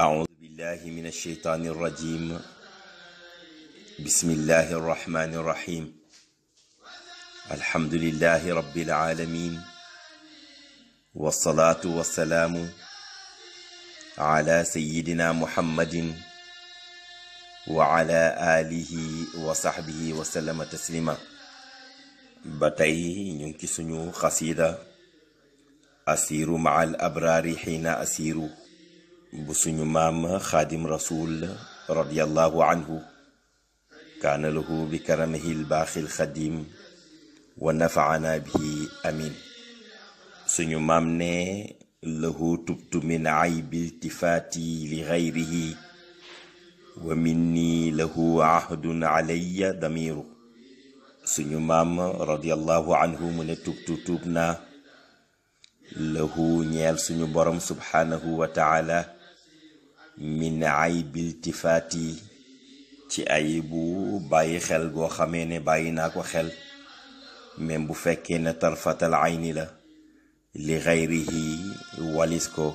أعوذ بالله من الشيطان الرجيم بسم الله الرحمن الرحيم الحمد لله رب العالمين والصلاة والسلام على سيدنا محمد وعلى آله وصحبه وسلم تسليما باتاي نيونكي سونو قصيده أسير مع الأبرار حين أسير bu suñu maam xaadim rasul radiallahu anhu kaana lahu bi karamihi lbaaxil xadim wa nafaana bihi amin suñu maam ne lahu tubtu min aybi iltifaati li gayrihi wa minni lahu ahdun alayya damiru suñu maam radiallahu anhu mu ne tubtu tuub naa lahu ñeel suñu borom subhaanahu wa taala min aybi iltifaati ci ayibu bàyyi xel goo xamee ne bàyyi naa ko xel même bu fekkee ne tarfatal ni la li xayrihi walis ko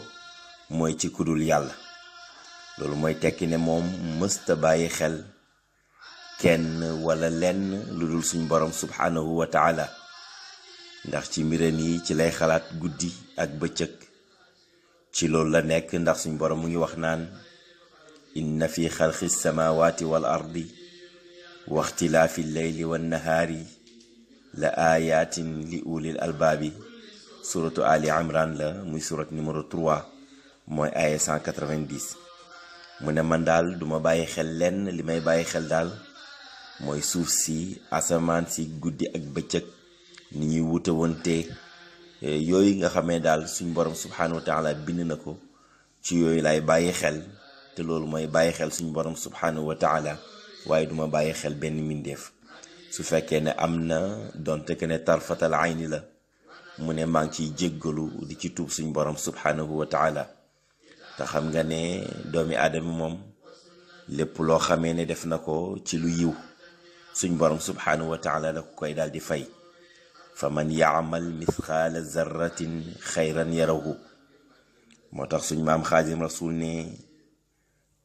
mooy ci kudul yàlla loolu mooy tekki ne moom mësta bàyyi xel kenn wala lenn lu dul suñ borom subhanahu wa taala ndax ci mbiran yi ci lay xalaat guddi ak bëccëg ci loolu la nekk ndax suñ borom mu ngi wax naan na fi xalqi samawati wal ardi wa ixtilaafi leyli wan nahaari la ayatin li ulil albaabi suratu ali imran la muy surat numéro 3 mooy aya 190 mu ne man daal duma bàyyi xel lenn li may bàyyi xel daal mooy suuf si asamaan si guddi ak bëccëg ni ñuy wutawante Eh, yooyu nga xamee daal suñ borom subhanahu wa taala bind na ko ci yooyu laay bàyyi xel te loolu mooy bàyyi xel suñ borom subhanahu wa taala waaye duma bàyyi xel benn mbindeef su fekkee ne am na donte que ne tarfatal ayni la mu ne maa ngi ciy jéggalu di ci tuub suñ borom subhanahu wa taala te xam nga ne doomi aadama moom lépp loo xamee ne def na ko ci lu yiw suñ borom subhanahu wa la ko koy daal di fay fa man yaamal misxaala zarratin xayran yarawu moo tax suñ maam xaadim rasul ne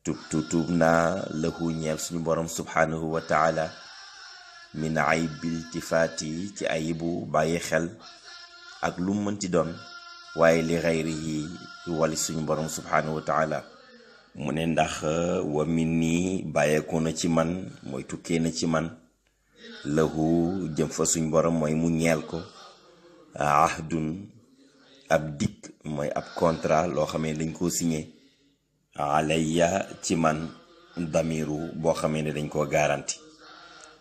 tub tu tuub naa lahu ñeel suñu borom subhanahu wa taala min aybil tifaati ci ayibu bàyyi xel ak lu mënti doon waaye li xayrihi wali suñu borom subhanahu wa taala mu ne ndax wa min nii bàyyeekoo na ci man mooy tukkee ci man lahu jëm fa suñ borom mooy mu ñeel ko ahdun ab dikk mooy ab contrat loo xamee dañ koo signé alayya ci man damiru boo xamee ne dañ koo garanti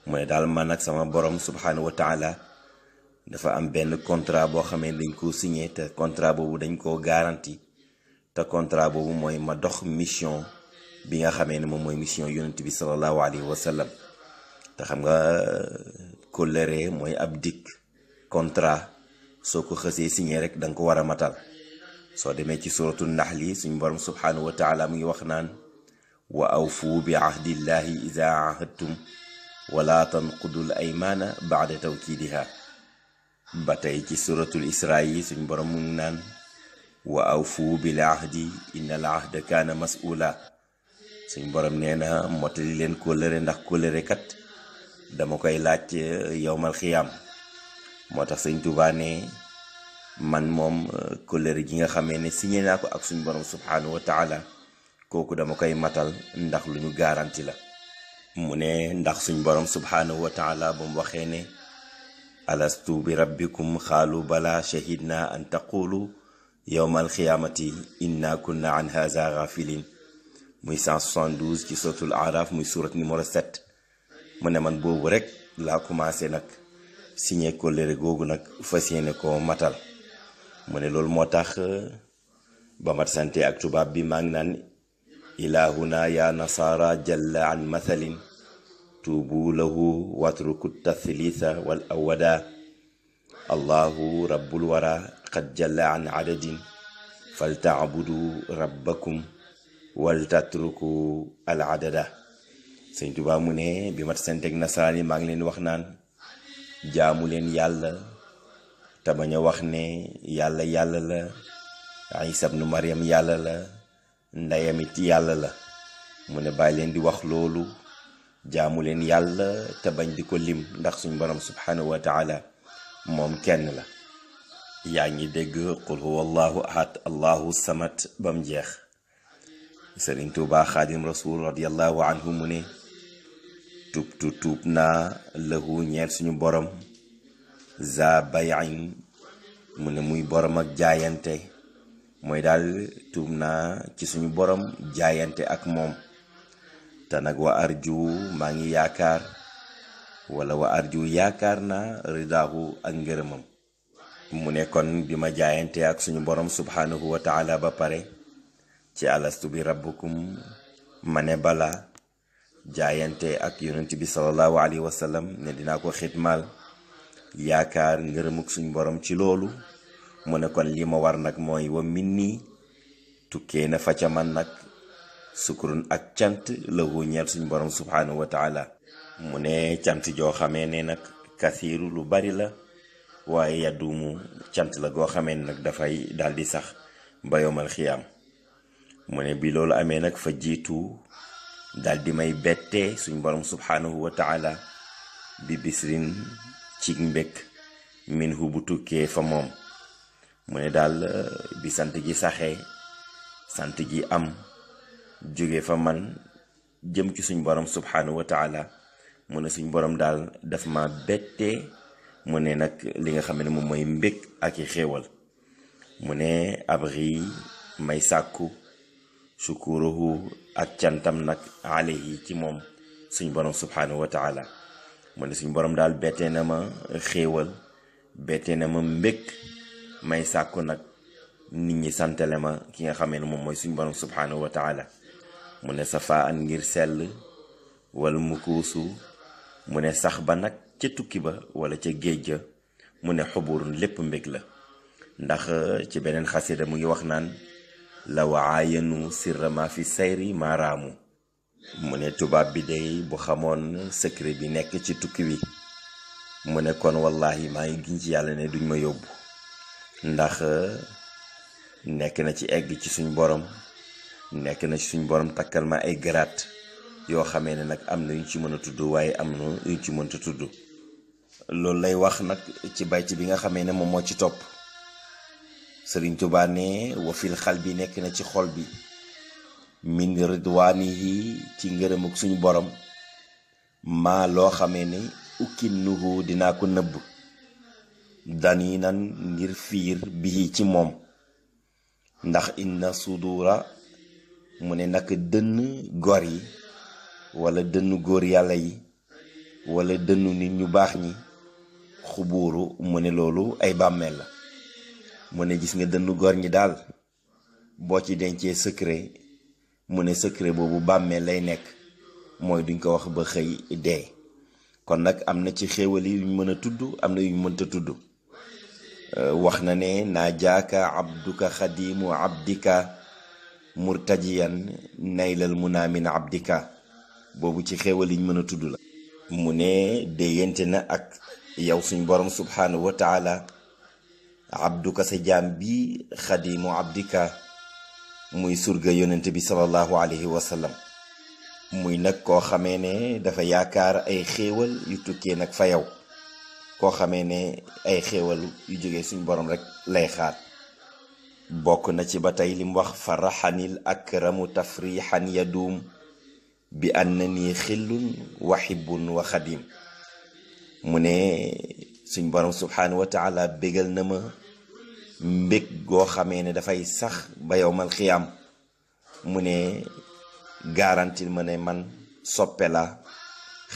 mu ne daal man ak sama borom subhanahu wa taala dafa am benn contrat boo xamee dañ koo signé te contrat boobu dañ koo garanti te contrat boobu mooy ma dox mission bi nga xamee ne moom mooy mission yonent bi sallallahu alayhi wa te xam nga kóllëre euh, mooy ab dikk contrat soo ko xësee signé rek da ko war a matal soo demee ci suratu naxli suñ borom subhanahu wa mu ngi wax naan wa awfu bi ahdillahi ida ahadtum wala tanqudul aymaana baada tawkidiha ba tey ci suratul isra yi suñ borom mu naan wa awfu bil ahdi inna al ahda kaana mas'uula suñ borom nee na motali leen kóllëre ndax kóllëre kat dama koy laaj euh, yowmal xiyaam moo tax sëñ Tuubaa man moom euh, kóllëre ji nga xamee ne signé naa ko ak suñu borom subhaanahu wa taala kooku dama koy matal ndax lu ñu garanti la mu ne ndax suñ borom subhaanahu wa taala ba mu waxee ne alastu bi rabbikum xaalu bala shahidna an taqulu yowma alxiyaamati inna kunna an haza ghafilin muy 172 ci suratul araf muy surat numéro set mu ne man boobu rek la commencé nag signé kóllëre googu nag fa yéene ko matal mu ne loolu moo tax euh, ba mat sante ak tubaab bi maa ngi naan ilaahuna ya nasara jalla an mathalin tuubu lahu watruku tathlitha wal awada allahu rabbul wara qad jalla an adadin faltaabudu rabbakum waltatruku al adada sëñ Tuubaa mu ne bi ma tasanteeg nasaraan yi maa ngi leen wax naan jaamu leen yàlla te bañ a wax ne yàlla yàlla la Isa ibnu Maryam yàlla la ndeyam yàlla la mu ne bàyyi leen di wax loolu jaamu leen yàlla te bañ di ko lim ndax suñu borom subhanahu wa moom kenn la yaa ngi dégg qul huwa allahu ahad allahu samat ba jeex sëriñ Tuubaa xaadim rasul radiallahu anhu mu ne tubtu tuub naa lëhu ñeel suñu borom za bayain mu ne muy borom ak jaayante mooy daal tuub naa ci suñu borom jaayante ak moom te nag wa arju maa ngi yaakaar wala wa arju yaakaar na ridaahu ak ngërëmam mu ne kon bi ma jaayante ak suñu borom subhanahu wa taala ba pare ci alastu bi rabbukum ma ne bala jaayante ak yonent bi sallallahu alayhi wa sallam ne dinaa ko xitmaal yaakaar ngërëmuk suñ borom ci loolu mu ne kon li ma war nag mooy wa min nii tukkee na fa ca man nag sukurun ak cant la wu ñeel suñ borom subhanahu wa mu ne cant joo xamee ne nag kasiiru lu bari la waaye yaddumu cant la goo xamee ne nag dafay di sax ba yomal xiyaam mu ne bi loolu amee nag fa jiitu daal di may bettee suñ borom subhaanahu wa taala bi bisrin ci mbékk min bu tukkee fa moom mu ne daal eh, bi sant gi saxee sant gi am jóge fa man jëm ci suñ boroom subhaanahu wa taala mu ne suñ borom daal daf ma bettee mu ne nag li nga xam ne moom mooy mbék ak i xéewal mu ne ab rii may sàkku sukuruhu ak cantam nag yi ci moom suñ borom subhanahu wa taala mu ne suñ borom daal bettee na ma xéewal bettee na ma mbég may sàkku nag nit ñi santale ma ki nga xamee ne moom mooy suñ borom subhanahu wa taala mu ne safaa an ngir sell walla mu kuusu mu ne sax ba nag ca tukki ba wala ca géej ga mu ne xuburun lépp mbég la ndax ci beneen xasida mu ngi wax naan la waayanu sirrama fi sayri maaraamu mu ne tubaab bi day bu xamoon secret bi nekk ci tukki wi mu nekkoon kon wallahi maa ngi giñ ci yàlla ne duñ ma yóbbu ndax nekk na ci egg ci suñ borom nekk na ci suñ borom takkal ma ay garaat yoo xamee ne nag am na ñu ci mën a tudd waaye am na yuñ ci mënta tudd loolu lay wax nag ci bayt bi nga xamee ne moom moo ci topp sëriñ Tuubaa ne xal bi nekk na ci xol bi min yi ci ngërëm ak suñu boroom maa loo xamee ne ukkin nuhu dinaa ko nëbb danii nan ngir fiir bii ci moom ndax indi na sudura mu ne naka dënn gor yi walla dënn góor yàlla yi wala dënnu nit ñu baax ñi xubuuru mu ne loolu ay bàmmeel la mu ne gis nga dëndu góor ñi daal boo ci dencee secret mu ne secret boobu bàmmee lay nekk mooy duñ ko wax ba xëy dee kon nag am na ci xéewal yi yuñ mën a tudd am na yuñ mënta tudd euh, wax na ne naa jaaka abduka xadimu abdika murtajiyan naylal munaa min abdika boobu ci xéewal yiñ mën a tudd la mu ne déyante na ak yow suñ borom subhanahu wa abduka sa jaam bi xadimu abdika muy surga yonent bi sallallahu alayhi wa sallam muy nag koo xamee ne dafa yaakaar ay xéewal yu tukkee nag fa yow koo xamee ne ay xewal yu jógee suñ borom rek lay xaar bokk na ci ba tey li wax wax faraxanil akramu tafrixan yaduum bi annani na ni xibbun wa xadim mu ne suñ borom subhanahu wa taala bégal na ma mbég goo xamee ne dafay sax ba yowmal xiyaam mu ne garantil ma ne man soppe la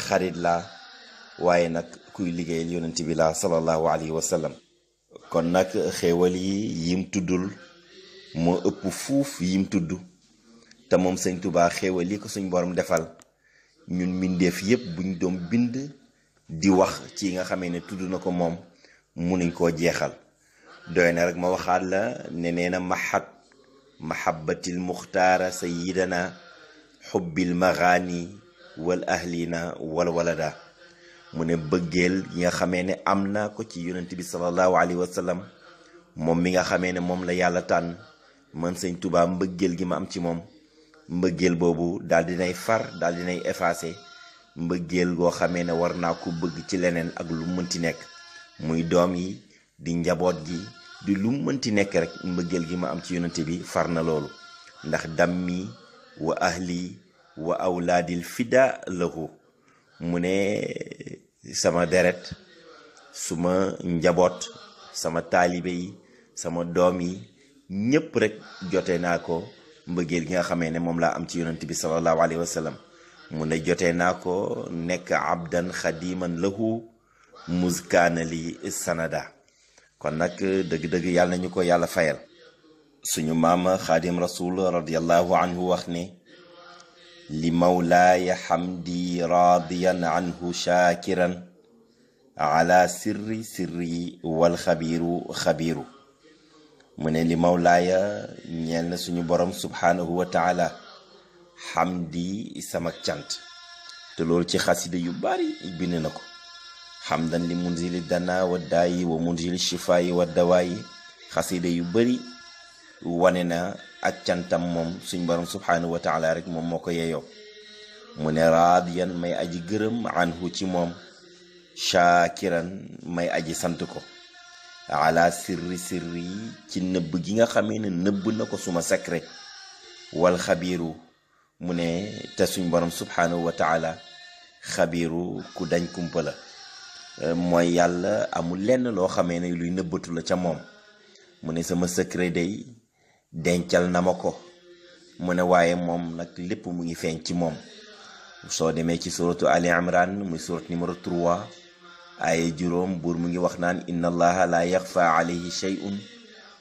xarit la waaye nag kuy liggéeyal yonent bi la sallallahu alayhi wa sallam kon nag xéewal yi yim tuddul moo ëpp fuuf yim tudd te moom sëñ Tuubaa xéewal yi ko suñ borom defal ñun mbindeef yépp buñ doom bind di wax ci nga xamee ne tudd na ko moom munuñ koo jeexal doy na rek ma waxaat la ne nee na mahat mahabbatil muxtaara sayidana xubbil maxaani wal ahlina wal walada mu ne bëggeel yi nga xamee ne am na ko ci yonent bi sallallahu alayhi wa moom mi nga xamee ne moom la yàlla tànn man sëñ Tuubaa mbëggeel gi ma am ci moom mbëggeel boobu daal dinay far daal dinay effacé mbëggeel goo xamee ne war naa ko bëgg ci leneen ak lu mënti nekk muy doom yi di njaboot gi lu mu mënti nekk rek mbëggeel gi ma am ci yonante bi far na loolu ndax dammi wa ahli wa awlaadil fida lahu mu ne sama deret suma njaboot sama taalibe yi sama doom yi ñépp rek jote naa ko mbëggeel gi nga xamee ne moom laa am ci yonante bi sallallahu alayhi wa mu ne jote naa ko nekk abdan xadiman lahu muskaana li sanada kon nag dëgg-dëgg yàlla nañu ko yàlla fayal suñu maama xaadim rasul radiallahu anhu wax ne li mawlaaya xamdi raadiyan anhu shaakiran ala sirri sirri wal xabiiru xabiiru mu ne li mawlaaya ñeel na suñu borom subhaanahu wa taala xamdi samak cant te loolu ci xasida yu bari bind na ko xamdan li munzili dana wa daayi wa munzili shifaayi wa dawaayi xasida yu bari wane na ak cantam moom suñ borom subhanahu rek moom moo ko yeyoo mu ne raadiyan may aji ci moom shaakiran may aji sant ko ala sirri sirri ci nëbb gi nga xamee ne nëbb na ko suma secret wal xabiiru mu ne te suñ borom subhanahu wa taala xabiiru ku dañ kumpa la Euh, mooy yàlla amul lenn loo xamee ne luy nëbbatu la ca moom mu ne sama secret day dencal na ma ko mu ne waaye moom nag lépp mu ngi feeñ ci moom soo demee ci suratu ali imran muy surat numéro 3 ay juróom buur mu ngi wax naan inna allaha la yaxfa alayhi shay'un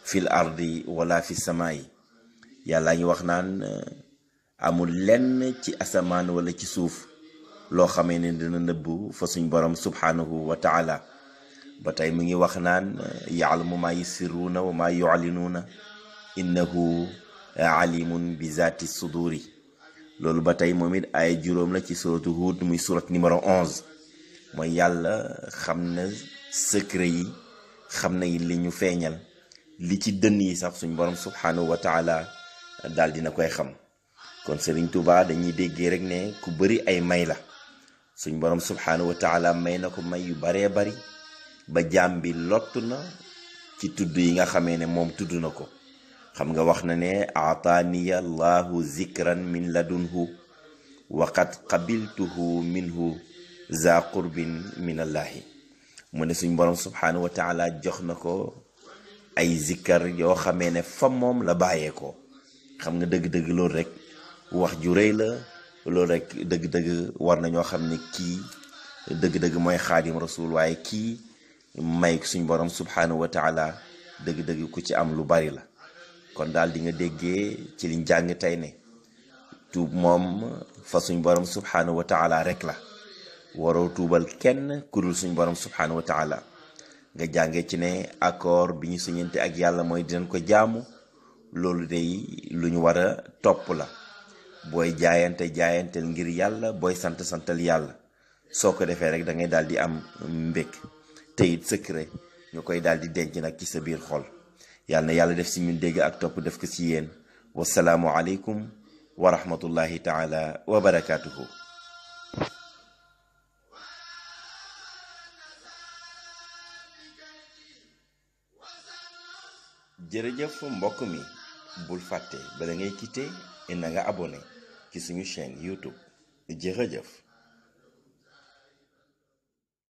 fil ardi wala fi samaayi yàlla ngi wax naan amul lenn ci asamaan wala ci suuf loo xamee ne dina nëbbu fa suñ borom subhanahu wa taala ba tey mu ngi wax naan mu yaalamu maa yusiruuna wa maa yuclinuuna innahu alimun bi zaati suduri loolu ba tey moom it ay juróom la ci suratu Hud muy surat numéro 11 mooy yàlla xam na secret yi xam na li ñu feeñal li ci dënn yi sax suñ borom subhanahu wa taala daal dina koy xam kon Serigne tubaa dañuy déggee rek ne ku bari ay may la suñ borom subhanahu wa taala may na ko may yu baree bari ba jaam bi lottu na ci tudd yi nga xamee ne moom tudd na ko xam nga wax na ne aataaniya allahu zikran min ladunhu wa qad qabiltuhu minhu za qurbin min allahi mu ne suñ borom subhanahu wa jox na ko ay zikkar yoo xamee ne fa moom la bàyyee ko xam nga dëgg-dëgg loolu rek wax ju rëy la loolu rek dëgg-dëgg war na ñoo xam ne kii dëgg-dëgg mooy xaadim rasul waaye kii may suñ borom subhanahu wa taala dëgg-dëgg ku ci am lu bari la kon daal di nga déggee ci liñ jàng tey ne tuub moom fa suñ borom subhanahu wa rek la waroo tuubal kenn ku dul suñ borom subhanahu wa taala nga jàngee ci ne accord bi ñu suñante ak yàlla mooy dinañ ko jaamu loolu day lu ñu war a topp la booy jaayante jaayanteel ngir yàlla booy sant santal yàlla soo ko defee rek dangay ngay daal di am mbég te it secret nga koy daal di denc nag ci sa biir xol yàlla yàlla def si ñun dégg ak topp def ko si yéen wasalaamu aleykum wa rahmatullahi taala wa barakaatuhu. jërëjëf mbokk mi bul fàtte bala ngay quitté na nga abonné ci suñu chaîne YouTube jërëjëf